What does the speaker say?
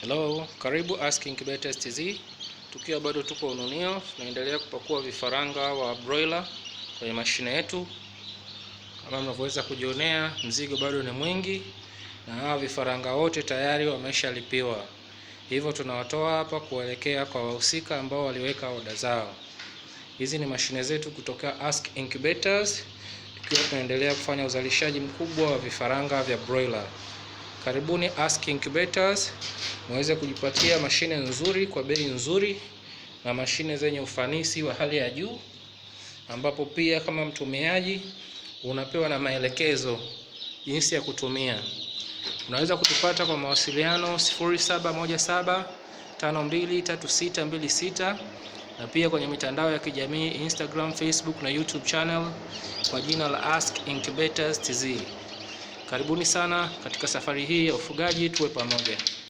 Hello, karibu Asking Incubators TZ. Tukiwa bado tuko Ununio, tunaendelea kupakua vifaranga wa broiler kwenye mashine yetu. Kama mnavyoweza kujionea, mzigo bado ni mwingi na hawa vifaranga wote tayari wameshalipiwa, hivyo tunawatoa hapa kuelekea kwa wahusika ambao waliweka oda zao. Hizi ni mashine zetu kutoka Ask Incubators, tukiwa tunaendelea kufanya uzalishaji mkubwa wa vifaranga vya broiler. Karibuni Ask Incubators muweze kujipatia mashine nzuri kwa bei nzuri na mashine zenye ufanisi wa hali ya juu, ambapo pia kama mtumiaji unapewa na maelekezo jinsi ya kutumia. Unaweza kutupata kwa mawasiliano 0717 na pia kwenye mitandao ya kijamii Instagram, Facebook na YouTube channel kwa jina la Ask Incubators TZ. Karibuni sana katika safari hii ya ufugaji, tuwe pamoja.